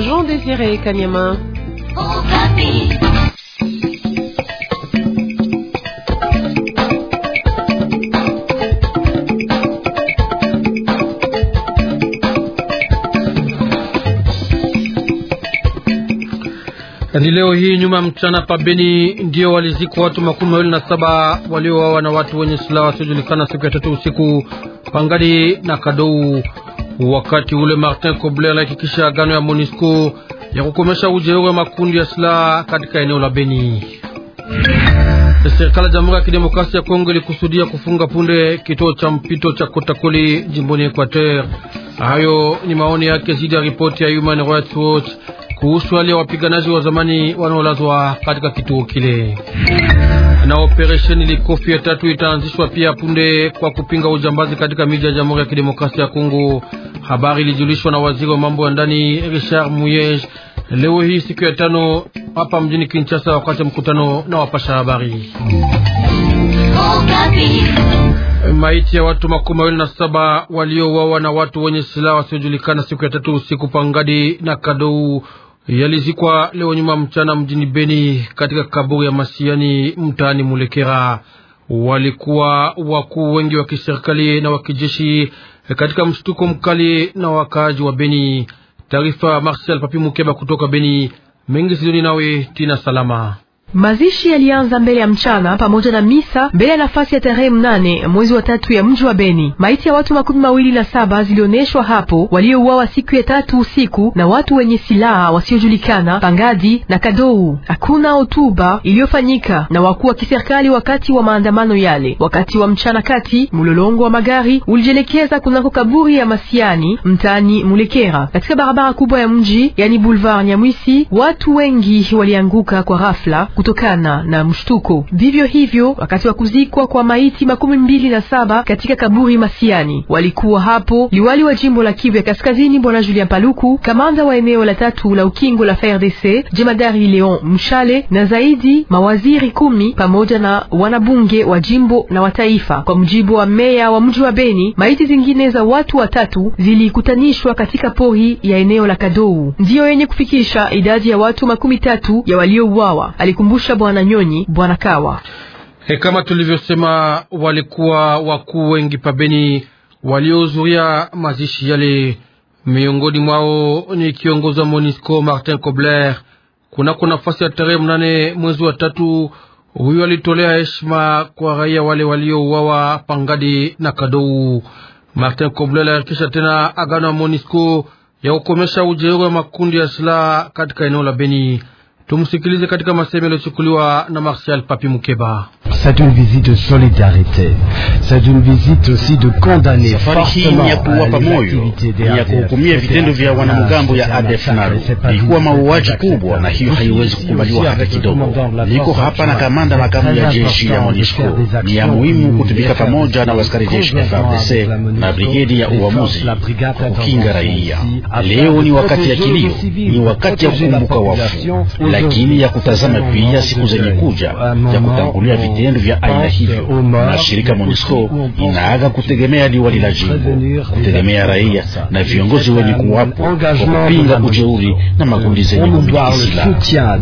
Jean Désiré Kanyama. Ni yaani leo hii nyuma mchana pabeni ndio walizikwa watu makumi mawili na saba waliowawa na watu wenye silaha wasiojulikana siku ya tatu usiku pangadi na Kadou. Wakati ule Martin Kobler alihakikisha agano ya Monisco ya kukomesha ujeuri wa makundi ya silaha katika eneo la Beni. Serikali ya Jamhuri ya Kidemokrasia ya Kongo ilikusudia kufunga punde kituo cha mpito cha Kotakoli jimboni Equateur. Hayo ni maoni yake zidi ya ripoti ya Human Rights Watch kuhusu hali ya wapiganaji wa zamani wanaolazwa katika kituo kile. Na operesheni Likofi ya tatu itaanzishwa pia punde kwa kupinga ujambazi katika miji ya Jamhuri ya Kidemokrasia ya Kongo. Habari ilijulishwa na waziri wa mambo ya ndani Richard Muyej leo hii siku ya tano hapa mjini Kinshasa, wakati mkutano na wapasha habari. Maiti ya watu makumi mawili na saba waliouawa na watu wenye silaha wasiojulikana siku ya tatu usiku pangadi na Kadou yalizikwa leo nyuma mchana mjini Beni katika kaburi ya Masiani mtaani Mulekera. Walikuwa wakuu wengi wa kiserikali na wa kijeshi katika mshtuko mkali na wakaaji wa Beni. Taarifa Marcel Papi Mukeba kutoka Beni. Mengi sidoni nawe Tina Salama. Mazishi yalianza mbele ya mchana pamoja na misa mbele ya nafasi ya tarehe mnane mwezi wa tatu ya mji wa Beni. Maiti ya watu makumi mawili na saba zilioneshwa hapo, waliouawa siku ya tatu usiku na watu wenye silaha wasiojulikana Pangadi na Kadou. Hakuna hotuba iliyofanyika na wakuu wa kiserikali wakati wa maandamano yale. Wakati wa mchana kati, mlolongo wa magari ulijielekeza kunako kaburi ya Masiani mtaani Mulekera, katika barabara kubwa ya mji yani Boulevard Nyamwisi. Watu wengi walianguka kwa ghafla kutokana na mshtuko. Vivyo hivyo, wakati wa kuzikwa kwa maiti makumi mbili na saba katika kaburi Masiani walikuwa hapo liwali wa jimbo la Kivu ya Kaskazini Bwana Julien Paluku, kamanda wa eneo la tatu la ukingo la frdc jemadari Leon Mshale na zaidi mawaziri kumi pamoja na wanabunge wa jimbo na wa taifa. Kwa mujibu wa meya wa mji wa Beni, maiti zingine za watu watatu zilikutanishwa katika pori ya eneo la Kadou, ndiyo yenye kufikisha idadi ya watu makumi tatu ya waliouawa. Alikum alikumbusha bwana Nyonyi bwana Kawa. E, kama tulivyosema, walikuwa wakuu wengi pabeni waliohudhuria mazishi yale, miongoni mwao ni kiongozi wa Monisco Martin Kobler. Kunako nafasi ya tarehe mnane mwezi wa tatu, huyo alitolea heshima kwa raia wale waliouawa Pangadi na Kadou. Martin Kobler alihakikisha tena agano ya Monisco ya kukomesha ujeuri wa makundi ya silaha katika eneo la Beni. Tumsikilize katika masemo yaliyochukuliwa na Martial Papi Mukeba. Safari hii ni ya kuwapa moyo, ni ya kuhukumia vitendo vya wanamgambo ya ADF NALU. Ilikuwa mauaji kubwa, na hiyo haiwezi kukubaliwa hata kidogo. Niko hapa na kamanda makamu ya jeshi ya MONUSCO. Ni ya muhimu kutumika pamoja na waskari jeshi FARDC na brigedi ya uamuzi kukinga raia. Leo ni wakati ya kilio, ni wakati ya kukumbuka wafu lakini ya kutazama pia siku zenye kuja ya kutangulia vitendo vya aina hivyo, na shirika MONUSCO inaaga kutegemea liwali la jimbo, kutegemea raia na viongozi wenye kuwapo kwa kupinga ujeuri na makundi zenye kumiliki silaha.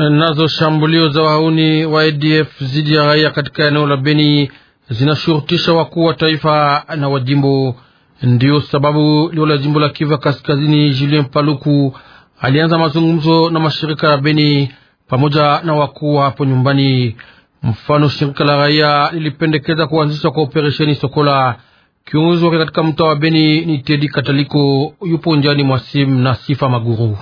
Euh, Nazo shambulio za wahuni wa ADF zidi ya raia katika eneo la Beni zinashurutisha wakuu wa taifa na wajimbo. Ndiyo sababu leo la jimbo la Kiva Kaskazini, Julien Paluku alianza mazungumzo na mashirika ya Beni pamoja na wakuu wa hapo nyumbani. Mfano, shirika la raia lilipendekeza kuanzishwa kwa operesheni Sokola. Kiongozi wake katika mtaa wa Beni ni Tedi Kataliko, yupo njani mwa simu na Sifa Maguru.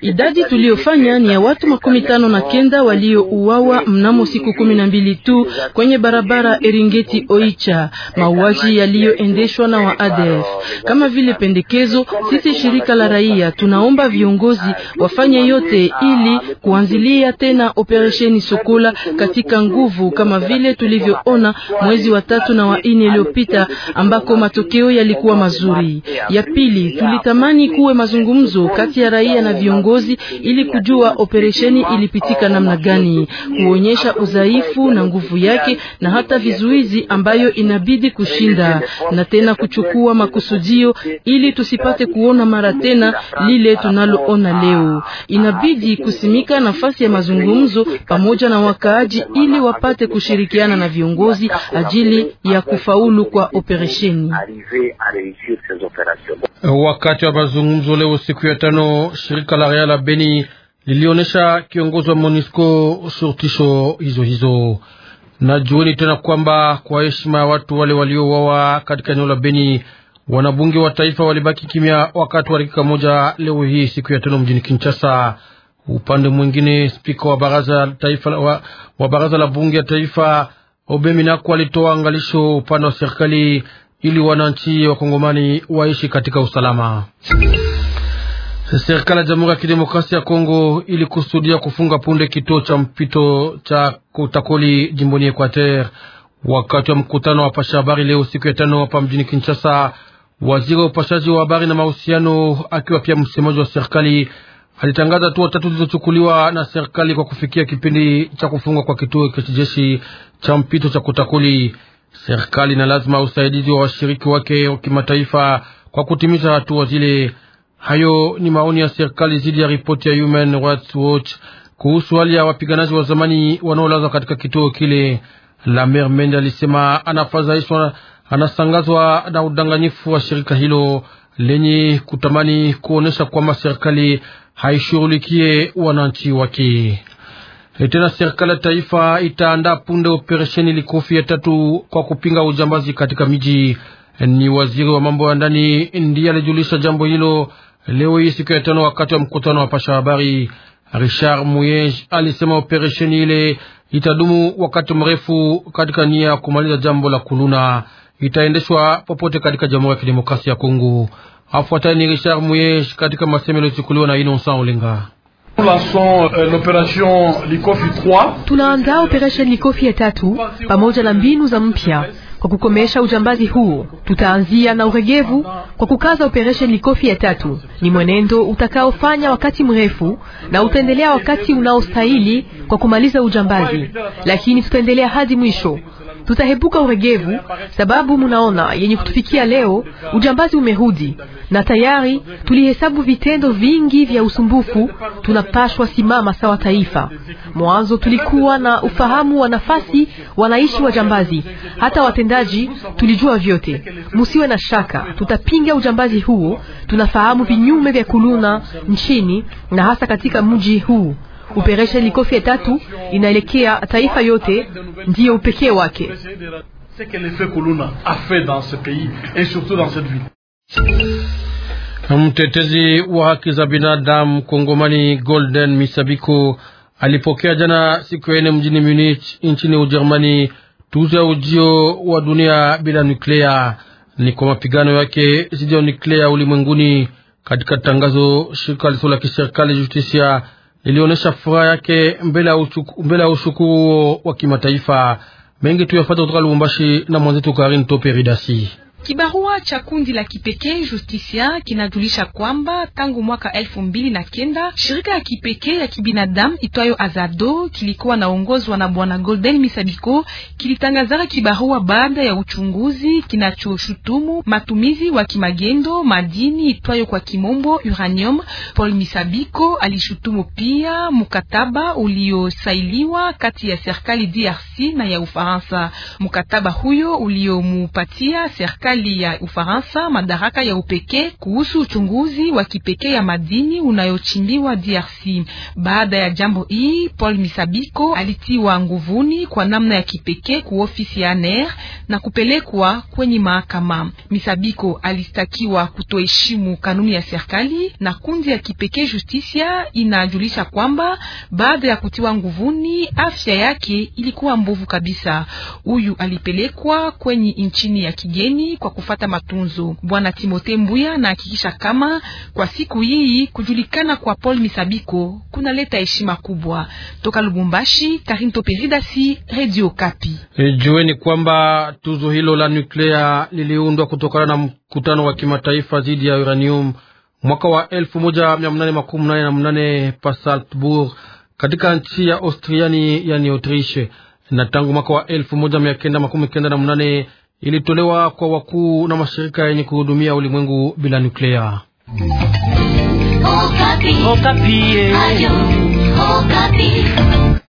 Idadi tuliyofanya ni ya watu makumi tano na kenda waliouawa mnamo siku kumi na mbili tu kwenye barabara Eringeti Oicha, mauaji yaliyoendeshwa na wa ADF. Kama vile pendekezo, sisi shirika la raia tunaomba viongozi wafanye yote ili kuanzilia tena operesheni Sokola katika nguvu, kama vile tulivyoona mwezi wa tatu na wa nne iliyopita, ambako matokeo yalikuwa mazuri. Ya pili, tulitamani kuwe mazungumzo mazungumzo kati ya raia na viongozi ili kujua operesheni ilipitika namna gani, kuonyesha udhaifu na nguvu yake na hata vizuizi ambayo inabidi kushinda na tena kuchukua makusudio ili tusipate kuona mara tena lile tunaloona leo. Inabidi kusimika nafasi ya mazungumzo pamoja na wakaaji ili wapate kushirikiana na viongozi ajili ya kufaulu kwa operesheni. Wakati wa mazungumzo leo siku siku ya tano, shirika la raia la Beni lilionyesha kiongozi wa MONUSCO shurutisho hizo hizo. Na jueni tena kwamba kwa heshima ya watu wale waliouawa katika eneo la Beni, wanabunge wa taifa walibaki kimya wakati wa dakika moja leo hii siku ya tano mjini Kinshasa. Upande mwingine, spika wa baraza taifa wa, wa baraza la bunge ya taifa Obemi Obeminaku alitoa angalisho upande wa serikali ili wananchi wakongomani waishi katika usalama. Serikali ya Jamhuri ya Kidemokrasia ya Kongo ilikusudia kufunga punde kituo cha mpito cha Kutakoli jimboni Equateur. Wakati wa mkutano wa pasha habari leo siku ya tano hapa mjini Kinshasa, waziri wa upashaji wa habari na mahusiano akiwa pia msemaji wa serikali alitangaza hatua tatu zilizochukuliwa na serikali kwa kufikia kipindi cha kufungwa kwa kituo cha kijeshi cha mpito cha Kotakoli. Serikali na lazima usaidizi wa washiriki wake wa kimataifa kwa kutimiza hatua zile. Hayo ni maoni ya serikali zidi ya ripoti ya Human Rights Watch kuhusu hali ya wapiganaji wa zamani wanaolazwa katika kituo kile. Lambert Mende alisema anafadhaishwa, anasangazwa na udanganyifu wa shirika hilo lenye kutamani kuonyesha kwamba serikali haishughulikie wananchi wake. Tena serikali ya taifa itaandaa punde operesheni Likofi ya tatu kwa kupinga ujambazi katika miji. Ni waziri wa mambo ya ndani ndiye alijulisha jambo hilo Leo hii siku ya tano, wakati wa mkutano wa pasha habari, Richard Muyege alisema operesheni ile itadumu wakati mrefu katika nia ya kumaliza jambo la kuluna, itaendeshwa popote katika Jamhuri ya Kidemokrasia ya Kongo. Afuatayo ni Richard Muyege katika masemo yaliyochukuliwa na Innocent Olenga. Euh, Tunaanza operesheni Likofi ya tatu pamoja na mbinu za mpya kwa kukomesha ujambazi huo, tutaanzia na uregevu kwa kukaza operesheni kofi ya tatu. Ni mwenendo utakaofanya wakati mrefu na utaendelea wakati unaostahili kwa kumaliza ujambazi, lakini tutaendelea hadi mwisho tutahepuka uregevu, sababu munaona yenye kutufikia leo, ujambazi umerudi na tayari tulihesabu vitendo vingi vya usumbufu. Tunapashwa simama sawa taifa. Mwanzo tulikuwa na ufahamu wa nafasi wanaishi wajambazi, hata watendaji tulijua vyote. Musiwe na shaka, tutapinga ujambazi huo. Tunafahamu vinyume vya kuluna nchini na hasa katika mji huu. Operesheni Kofi tatu inaelekea taifa yote, ndiyo upekee wake. Mtetezi wa haki za binadamu Kongomani Golden Misabiko alipokea jana siku ya nne mjini Munich nchini Ujerumani tuzo ya ujio wa dunia bila nuklea ni kwa mapigano yake dhidi ya nuklea ulimwenguni. Katika tangazo shirika lisilo la kiserikali Justisia ilionyesha furaha yake mbele ya ushukuru wa kimataifa. Mengi tuyafata kutoka Lubumbashi na mwenzetu Karin Ridasi. Kibarua cha kundi la kipekee justicia kinajulisha kwamba tangu mwaka elfu mbili na kenda shirika ya kipekee ya kibinadamu itwayo Azado kilikuwa naongozwa na bwana Golden Misabiko kilitangazaka kibarua baada ya uchunguzi kinachoshutumu matumizi wa kimagendo madini itwayo kwa kimombo uranium. Paul Misabiko alishutumu pia mkataba uliosailiwa kati ya serikali DRC na ya Ufaransa. Mkataba huyo uliomupatia serikali serikali ya Ufaransa madaraka ya upekee kuhusu uchunguzi wa kipekee ya madini unayochimbiwa DRC. Baada ya jambo hii, Paul Misabiko alitiwa nguvuni kwa namna ya kipekee ku ofisi ya NER na kupelekwa kwenye mahakama. Misabiko alistakiwa kutoheshimu kanuni ya serikali na kundi ya kipekee justicia inajulisha kwamba baada ya kutiwa nguvuni, afya yake ilikuwa mbovu kabisa. Huyu alipelekwa kwenye nchini ya kigeni kwa kufata matunzo. Bwana Timote Mbuya anahakikisha kama kwa siku hii kujulikana kwa Paul Misabiko kunaleta heshima kubwa. Toka Lubumbashi, Karin Toperidasi, Radio Kapi. E, jueni kwamba tuzo hilo la nuklea liliundwa kutokana na mkutano wa kimataifa dhidi ya uranium mwaka wa 1888 pa Salzburg katika nchi ya Austriani yani Autriche, na tangu mwaka wa 1998 ilitolewa kwa wakuu na mashirika yenye kuhudumia ulimwengu bila nuklea. Okapi. Okapi. Eh.